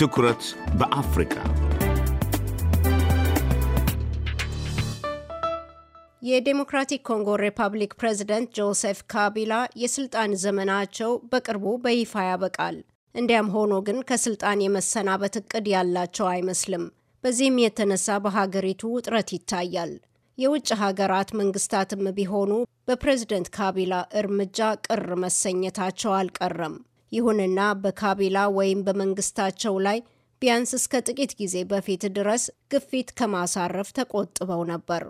ትኩረት በአፍሪካ የዴሞክራቲክ ኮንጎ ሪፐብሊክ ፕሬዝደንት ጆሴፍ ካቢላ የስልጣን ዘመናቸው በቅርቡ በይፋ ያበቃል። እንዲያም ሆኖ ግን ከስልጣን የመሰናበት እቅድ ያላቸው አይመስልም። በዚህም የተነሳ በሀገሪቱ ውጥረት ይታያል። የውጭ ሀገራት መንግስታትም ቢሆኑ በፕሬዝደንት ካቢላ እርምጃ ቅር መሰኘታቸው አልቀረም። ይሁንና በካቢላ ወይም በመንግስታቸው ላይ ቢያንስ እስከ ጥቂት ጊዜ በፊት ድረስ ግፊት ከማሳረፍ ተቆጥበው ነበር።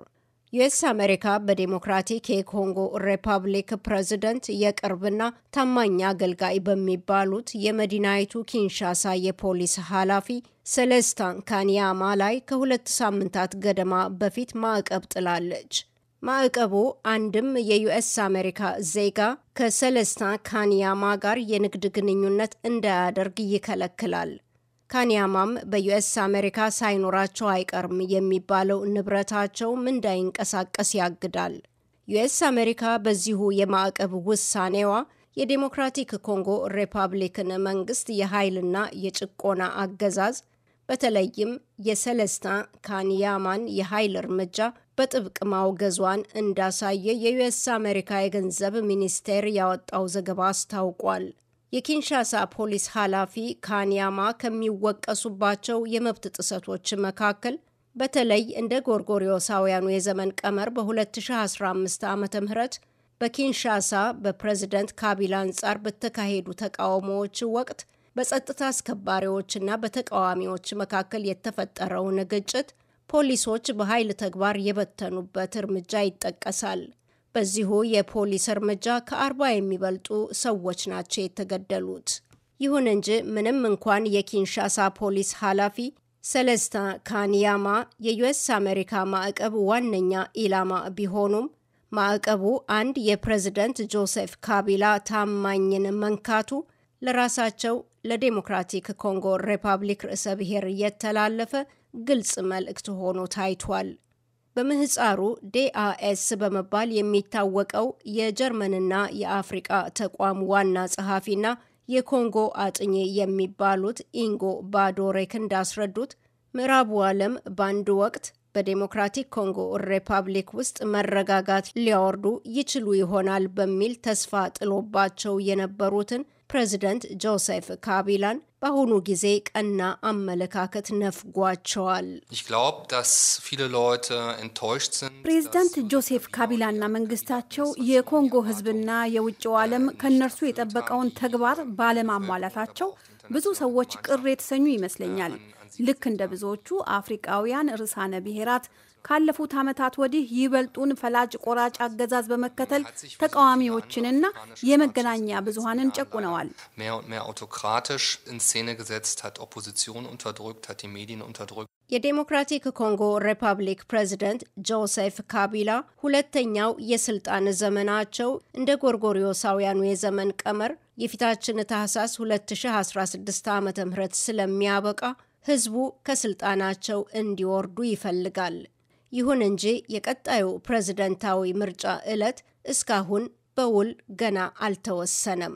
ዩኤስ አሜሪካ በዴሞክራቲክ የኮንጎ ሪፐብሊክ ፕሬዝደንት የቅርብና ታማኝ አገልጋይ በሚባሉት የመዲናይቱ ኪንሻሳ የፖሊስ ኃላፊ ሴሌስታን ካንያማ ላይ ከሁለት ሳምንታት ገደማ በፊት ማዕቀብ ጥላለች። ማዕቀቡ አንድም የዩኤስ አሜሪካ ዜጋ ከሴሌስታን ካንያማ ጋር የንግድ ግንኙነት እንዳያደርግ ይከለክላል። ካንያማም በዩኤስ አሜሪካ ሳይኖራቸው አይቀርም የሚባለው ንብረታቸውም እንዳይንቀሳቀስ ያግዳል። ዩኤስ አሜሪካ በዚሁ የማዕቀብ ውሳኔዋ የዴሞክራቲክ ኮንጎ ሪፐብሊክን መንግስት የኃይልና የጭቆና አገዛዝ በተለይም የሰለስታ ካንያማን የኃይል እርምጃ በጥብቅ ማውገዟን እንዳሳየ የዩኤስ አሜሪካ የገንዘብ ሚኒስቴር ያወጣው ዘገባ አስታውቋል። የኪንሻሳ ፖሊስ ኃላፊ ካንያማ ከሚወቀሱባቸው የመብት ጥሰቶች መካከል በተለይ እንደ ጎርጎሪዮሳውያኑ የዘመን ቀመር በ2015 ዓ ም በኪንሻሳ በፕሬዝደንት ካቢላ አንጻር በተካሄዱ ተቃውሞዎች ወቅት በጸጥታ አስከባሪዎችና በተቃዋሚዎች መካከል የተፈጠረውን ግጭት ፖሊሶች በኃይል ተግባር የበተኑበት እርምጃ ይጠቀሳል። በዚሁ የፖሊስ እርምጃ ከአርባ የሚበልጡ ሰዎች ናቸው የተገደሉት። ይሁን እንጂ ምንም እንኳን የኪንሻሳ ፖሊስ ኃላፊ ሰለስታ ካንያማ የዩኤስ አሜሪካ ማዕቀብ ዋነኛ ኢላማ ቢሆኑም ማዕቀቡ አንድ የፕሬዝደንት ጆሴፍ ካቢላ ታማኝን መንካቱ ለራሳቸው ለዴሞክራቲክ ኮንጎ ሪፐብሊክ ርዕሰ ብሔር እየተላለፈ ግልጽ መልእክት ሆኖ ታይቷል። በምህፃሩ ዴአኤስ በመባል የሚታወቀው የጀርመንና የአፍሪቃ ተቋም ዋና ጸሐፊና የኮንጎ አጥኚ የሚባሉት ኢንጎ ባዶሬክ እንዳስረዱት ምዕራቡ ዓለም በአንድ ወቅት በዴሞክራቲክ ኮንጎ ሪፐብሊክ ውስጥ መረጋጋት ሊያወርዱ ይችሉ ይሆናል በሚል ተስፋ ጥሎባቸው የነበሩትን ፕሬዚደንት ጆሴፍ ካቢላን በአሁኑ ጊዜ ቀና አመለካከት ነፍጓቸዋል። ፕሬዚዳንት ጆሴፍ ካቢላና መንግስታቸው የኮንጎ ህዝብና የውጭው ዓለም ከእነርሱ የጠበቀውን ተግባር ባለማሟላታቸው ብዙ ሰዎች ቅር የተሰኙ ይመስለኛል። ልክ እንደ ብዙዎቹ አፍሪቃውያን ርዕሳነ ብሔራት ካለፉት ዓመታት ወዲህ ይበልጡን ፈላጭ ቆራጭ አገዛዝ በመከተል ተቃዋሚዎችንና የመገናኛ ብዙሀንን ጨቁነዋል። የዴሞክራቲክ ኮንጎ ሪፐብሊክ ፕሬዚደንት ጆሴፍ ካቢላ ሁለተኛው የስልጣን ዘመናቸው እንደ ጎርጎሪዮሳውያኑ የዘመን ቀመር የፊታችን ታህሳስ 2016 ዓ ም ስለሚያበቃ ህዝቡ ከስልጣናቸው እንዲወርዱ ይፈልጋል። ይሁን እንጂ የቀጣዩ ፕሬዝደንታዊ ምርጫ ዕለት እስካሁን በውል ገና አልተወሰነም።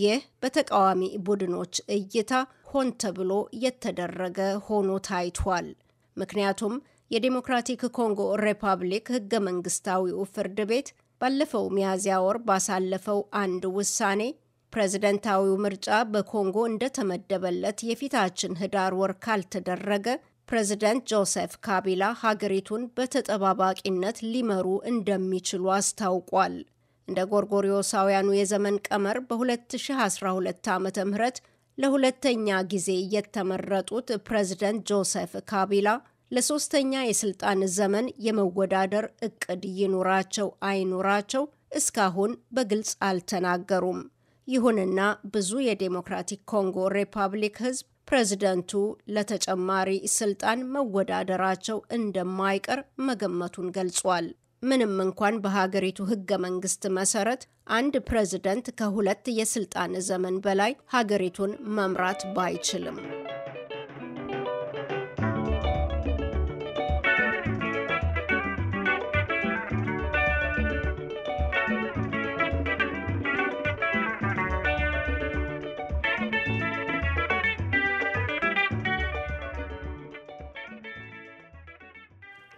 ይህ በተቃዋሚ ቡድኖች እይታ ሆን ተብሎ የተደረገ ሆኖ ታይቷል። ምክንያቱም የዴሞክራቲክ ኮንጎ ሪፐብሊክ ህገ መንግስታዊው ፍርድ ቤት ባለፈው ሚያዝያ ወር ባሳለፈው አንድ ውሳኔ ፕሬዝደንታዊው ምርጫ በኮንጎ እንደተመደበለት የፊታችን ህዳር ወር ካልተደረገ ፕሬዚደንት ጆሴፍ ካቢላ ሀገሪቱን በተጠባባቂነት ሊመሩ እንደሚችሉ አስታውቋል። እንደ ጎርጎሪዮሳውያኑ የዘመን ቀመር በ2012 ዓ ም ለሁለተኛ ጊዜ የተመረጡት ፕሬዚደንት ጆሴፍ ካቢላ ለሶስተኛ የስልጣን ዘመን የመወዳደር እቅድ ይኑራቸው አይኑራቸው እስካሁን በግልጽ አልተናገሩም። ይሁንና ብዙ የዴሞክራቲክ ኮንጎ ሪፐብሊክ ህዝብ ፕሬዚደንቱ ለተጨማሪ ስልጣን መወዳደራቸው እንደማይቀር መገመቱን ገልጿል። ምንም እንኳን በሀገሪቱ ህገ መንግስት መሰረት አንድ ፕሬዝደንት ከሁለት የስልጣን ዘመን በላይ ሀገሪቱን መምራት ባይችልም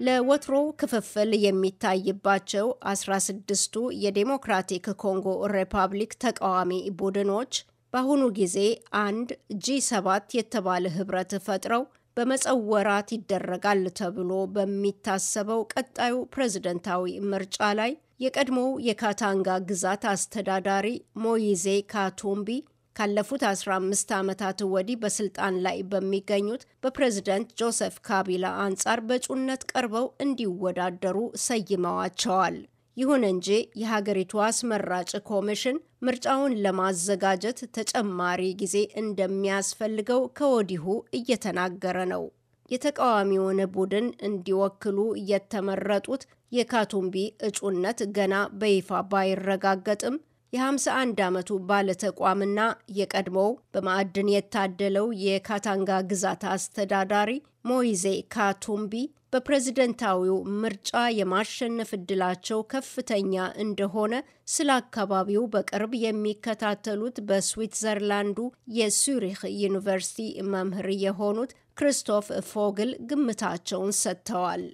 ለወትሮው ክፍፍል የሚታይባቸው 16ቱ የዴሞክራቲክ ኮንጎ ሪፐብሊክ ተቃዋሚ ቡድኖች በአሁኑ ጊዜ አንድ ጂ7 የተባለ ህብረት ፈጥረው በመጸወራት ይደረጋል ተብሎ በሚታሰበው ቀጣዩ ፕሬዝደንታዊ ምርጫ ላይ የቀድሞው የካታንጋ ግዛት አስተዳዳሪ ሞይዜ ካቱምቢ ካለፉት 15 ዓመታት ወዲህ በስልጣን ላይ በሚገኙት በፕሬዝደንት ጆሴፍ ካቢላ አንጻር በእጩነት ቀርበው እንዲወዳደሩ ሰይመዋቸዋል። ይሁን እንጂ የሀገሪቱ አስመራጭ ኮሚሽን ምርጫውን ለማዘጋጀት ተጨማሪ ጊዜ እንደሚያስፈልገው ከወዲሁ እየተናገረ ነው። የተቃዋሚውን ቡድን እንዲወክሉ የተመረጡት የካቱምቢ እጩነት ገና በይፋ ባይረጋገጥም የ51 ዓመቱ ባለተቋምና የቀድሞው በማዕድን የታደለው የካታንጋ ግዛት አስተዳዳሪ ሞይዜ ካቱምቢ በፕሬዝደንታዊው ምርጫ የማሸነፍ እድላቸው ከፍተኛ እንደሆነ ስለ አካባቢው በቅርብ የሚከታተሉት በስዊትዘርላንዱ የሱሪክ ዩኒቨርሲቲ መምህር የሆኑት ክሪስቶፍ ፎግል ግምታቸውን ሰጥተዋል።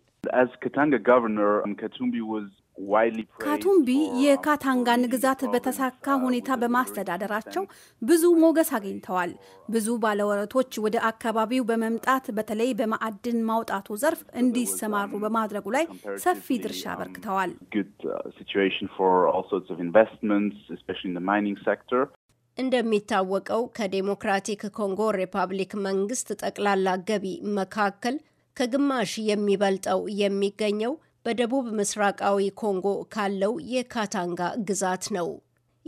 ካቱምቢ የካታንጋን ግዛት በተሳካ ሁኔታ በማስተዳደራቸው ብዙ ሞገስ አግኝተዋል። ብዙ ባለወረቶች ወደ አካባቢው በመምጣት በተለይ በማዕድን ማውጣቱ ዘርፍ እንዲሰማሩ um, በማድረጉ ላይ ሰፊ um, ድርሻ አበርክተዋል። uh, እንደሚታወቀው ከዴሞክራቲክ ኮንጎ ሪፐብሊክ መንግስት ጠቅላላ ገቢ መካከል ከግማሽ የሚበልጠው የሚገኘው በደቡብ ምስራቃዊ ኮንጎ ካለው የካታንጋ ግዛት ነው።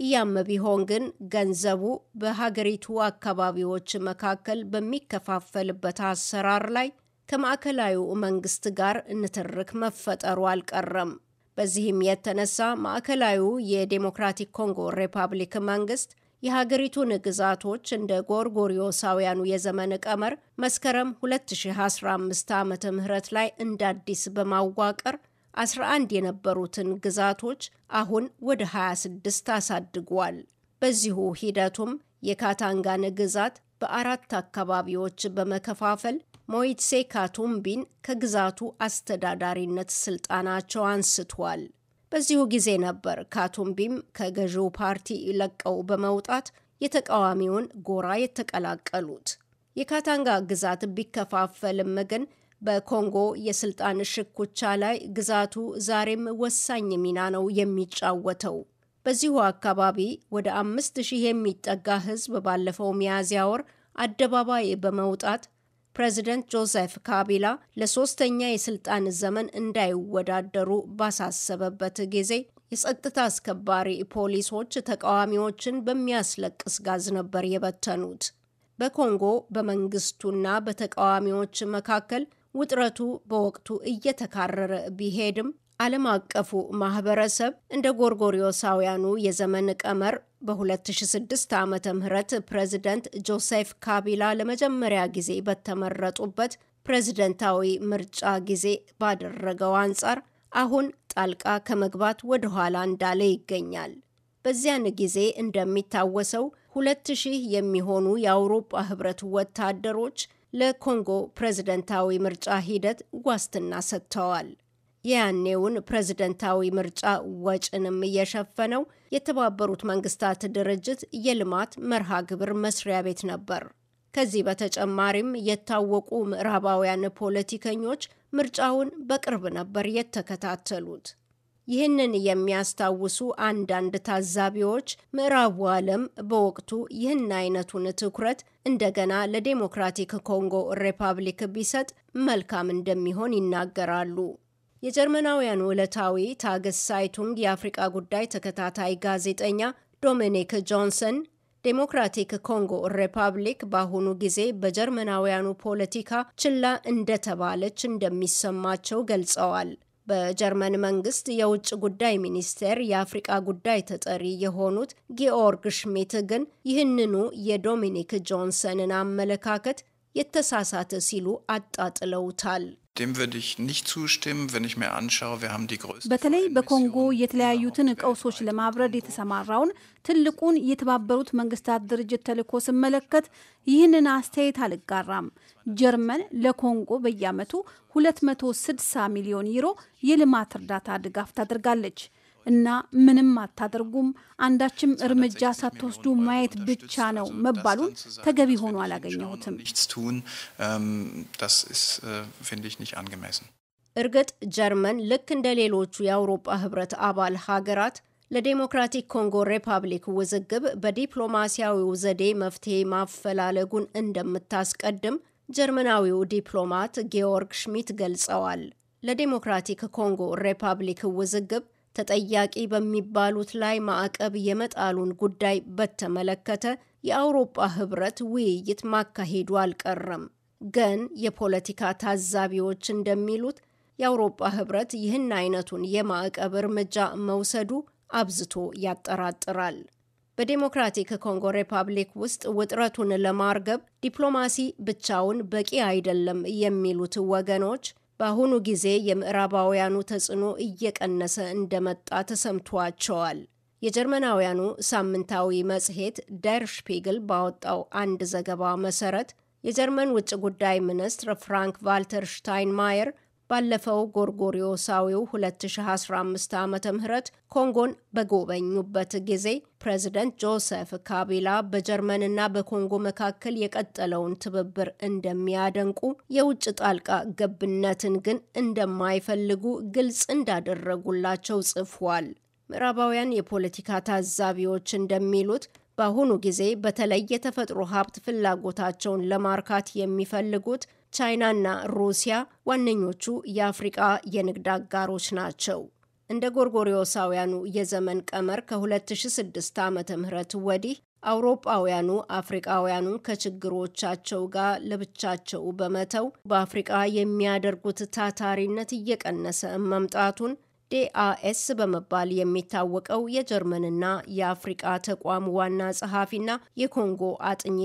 እያም ቢሆን ግን ገንዘቡ በሀገሪቱ አካባቢዎች መካከል በሚከፋፈልበት አሰራር ላይ ከማዕከላዊ መንግስት ጋር ንትርክ መፈጠሩ አልቀረም። በዚህም የተነሳ ማዕከላዊ የዴሞክራቲክ ኮንጎ ሪፐብሊክ መንግስት የሀገሪቱን ግዛቶች እንደ ጎርጎሪዮሳውያኑ የዘመን ቀመር መስከረም 2015 ዓ ምህረት ላይ እንደ አዲስ በማዋቀር 11 የነበሩትን ግዛቶች አሁን ወደ 26 አሳድጓል። በዚሁ ሂደቱም የካታንጋን ግዛት በአራት አካባቢዎች በመከፋፈል ሞይትሴ ካቱምቢን ከግዛቱ አስተዳዳሪነት ስልጣናቸው አንስቷል። በዚሁ ጊዜ ነበር ካቱምቢም ከገዢው ፓርቲ ለቀው በመውጣት የተቃዋሚውን ጎራ የተቀላቀሉት። የካታንጋ ግዛት ቢከፋፈልም ግን በኮንጎ የስልጣን ሽኩቻ ላይ ግዛቱ ዛሬም ወሳኝ ሚና ነው የሚጫወተው። በዚሁ አካባቢ ወደ አምስት ሺህ የሚጠጋ ህዝብ ባለፈው ሚያዝያ ወር አደባባይ በመውጣት ፕሬዚደንት ጆሴፍ ካቢላ ለሶስተኛ የስልጣን ዘመን እንዳይወዳደሩ ባሳሰበበት ጊዜ የጸጥታ አስከባሪ ፖሊሶች ተቃዋሚዎችን በሚያስለቅስ ጋዝ ነበር የበተኑት። በኮንጎ በመንግስቱና በተቃዋሚዎች መካከል ውጥረቱ በወቅቱ እየተካረረ ቢሄድም ዓለም አቀፉ ማህበረሰብ እንደ ጎርጎሪዮሳውያኑ የዘመን ቀመር በ2006 ዓ ም ፕሬዚደንት ጆሴፍ ካቢላ ለመጀመሪያ ጊዜ በተመረጡበት ፕሬዝደንታዊ ምርጫ ጊዜ ባደረገው አንጻር አሁን ጣልቃ ከመግባት ወደኋላ እንዳለ ይገኛል። በዚያን ጊዜ እንደሚታወሰው ሁለት ሺህ የሚሆኑ የአውሮጳ ህብረት ወታደሮች ለኮንጎ ፕሬዝደንታዊ ምርጫ ሂደት ዋስትና ሰጥተዋል። የያኔውን ፕሬዝደንታዊ ምርጫ ወጭንም የሸፈነው የተባበሩት መንግስታት ድርጅት የልማት መርሃ ግብር መስሪያ ቤት ነበር። ከዚህ በተጨማሪም የታወቁ ምዕራባውያን ፖለቲከኞች ምርጫውን በቅርብ ነበር የተከታተሉት። ይህንን የሚያስታውሱ አንዳንድ ታዛቢዎች ምዕራቡ ዓለም በወቅቱ ይህን አይነቱን ትኩረት እንደገና ለዴሞክራቲክ ኮንጎ ሪፐብሊክ ቢሰጥ መልካም እንደሚሆን ይናገራሉ። የጀርመናውያኑ ዕለታዊ ታገስ ሳይቱንግ የአፍሪቃ ጉዳይ ተከታታይ ጋዜጠኛ ዶሚኒክ ጆንሰን ዴሞክራቲክ ኮንጎ ሪፐብሊክ በአሁኑ ጊዜ በጀርመናውያኑ ፖለቲካ ችላ እንደተባለች እንደሚሰማቸው ገልጸዋል። በጀርመን መንግስት የውጭ ጉዳይ ሚኒስቴር የአፍሪቃ ጉዳይ ተጠሪ የሆኑት ጊኦርግ ሽሚት ግን ይህንኑ የዶሚኒክ ጆንሰንን አመለካከት የተሳሳተ ሲሉ አጣጥለውታል። dem würde ich nicht zustimmen, wenn ich mir anschaue, wir haben die größte በተለይ በኮንጎ የተለያዩትን ቀውሶች ለማብረድ የተሰማራውን ትልቁን የተባበሩት መንግስታት ድርጅት ተልኮ ስመለከት ይህንን አስተያየት አልጋራም። ጀርመን ለኮንጎ በየዓመቱ 260 ሚሊዮን ዩሮ የልማት እርዳታ ድጋፍ ታደርጋለች። እና ምንም አታደርጉም፣ አንዳችም እርምጃ ሳትወስዱ ማየት ብቻ ነው መባሉን ተገቢ ሆኖ አላገኘሁትም። ähm, äh, እርግጥ ጀርመን ልክ እንደ ሌሎቹ የአውሮፓ ህብረት አባል ሀገራት ለዴሞክራቲክ ኮንጎ ሪፐብሊክ ውዝግብ በዲፕሎማሲያዊው ዘዴ መፍትሄ ማፈላለጉን እንደምታስቀድም ጀርመናዊው ዲፕሎማት ጌኦርግ ሽሚት ገልጸዋል። ለዴሞክራቲክ ኮንጎ ሪፐብሊክ ውዝግብ ተጠያቂ በሚባሉት ላይ ማዕቀብ የመጣሉን ጉዳይ በተመለከተ የአውሮፓ ህብረት ውይይት ማካሄዱ አልቀረም። ግን የፖለቲካ ታዛቢዎች እንደሚሉት የአውሮፓ ህብረት ይህን አይነቱን የማዕቀብ እርምጃ መውሰዱ አብዝቶ ያጠራጥራል። በዴሞክራቲክ ኮንጎ ሪፐብሊክ ውስጥ ውጥረቱን ለማርገብ ዲፕሎማሲ ብቻውን በቂ አይደለም የሚሉት ወገኖች በአሁኑ ጊዜ የምዕራባውያኑ ተጽዕኖ እየቀነሰ እንደመጣ ተሰምቷቸዋል። የጀርመናውያኑ ሳምንታዊ መጽሔት ዳር ሽፒግል ባወጣው አንድ ዘገባ መሰረት የጀርመን ውጭ ጉዳይ ሚኒስትር ፍራንክ ቫልተር ሽታይንማየር ባለፈው ጎርጎሪዮሳዊው 2015 ዓ ም ኮንጎን በጎበኙበት ጊዜ ፕሬዝደንት ጆሰፍ ካቢላ በጀርመንና በኮንጎ መካከል የቀጠለውን ትብብር እንደሚያደንቁ፣ የውጭ ጣልቃ ገብነትን ግን እንደማይፈልጉ ግልጽ እንዳደረጉላቸው ጽፏል። ምዕራባውያን የፖለቲካ ታዛቢዎች እንደሚሉት በአሁኑ ጊዜ በተለይ የተፈጥሮ ሀብት ፍላጎታቸውን ለማርካት የሚፈልጉት ቻይናና ሩሲያ ዋነኞቹ የአፍሪቃ የንግድ አጋሮች ናቸው። እንደ ጎርጎሪዮሳውያኑ የዘመን ቀመር ከ2006 ዓ ም ወዲህ አውሮጳውያኑ አፍሪቃውያኑ ከችግሮቻቸው ጋር ለብቻቸው በመተው በአፍሪቃ የሚያደርጉት ታታሪነት እየቀነሰ መምጣቱን ዲአኤስ በመባል የሚታወቀው የጀርመንና የአፍሪቃ ተቋም ዋና ጸሐፊና የኮንጎ አጥኚ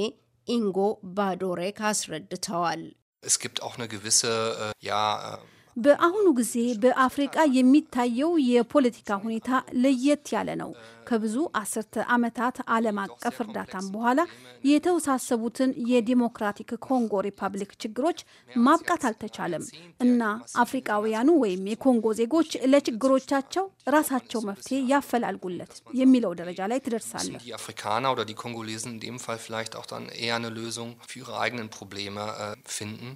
ኢንጎ ባዶሬክ አስረድተዋል። Es gibt auch eine gewisse, äh, ja, äh, በአሁኑ ጊዜ በአፍሪቃ የሚታየው የፖለቲካ ሁኔታ ለየት ያለ ነው። ከብዙ አስርተ ዓመታት ዓለም አቀፍ እርዳታም በኋላ የተወሳሰቡትን የዲሞክራቲክ ኮንጎ ሪፐብሊክ ችግሮች ማብቃት አልተቻለም እና አፍሪቃውያኑ ወይም የኮንጎ ዜጎች ለችግሮቻቸው ራሳቸው መፍትሄ ያፈላልጉለት የሚለው ደረጃ ላይ ትደርሳለህ።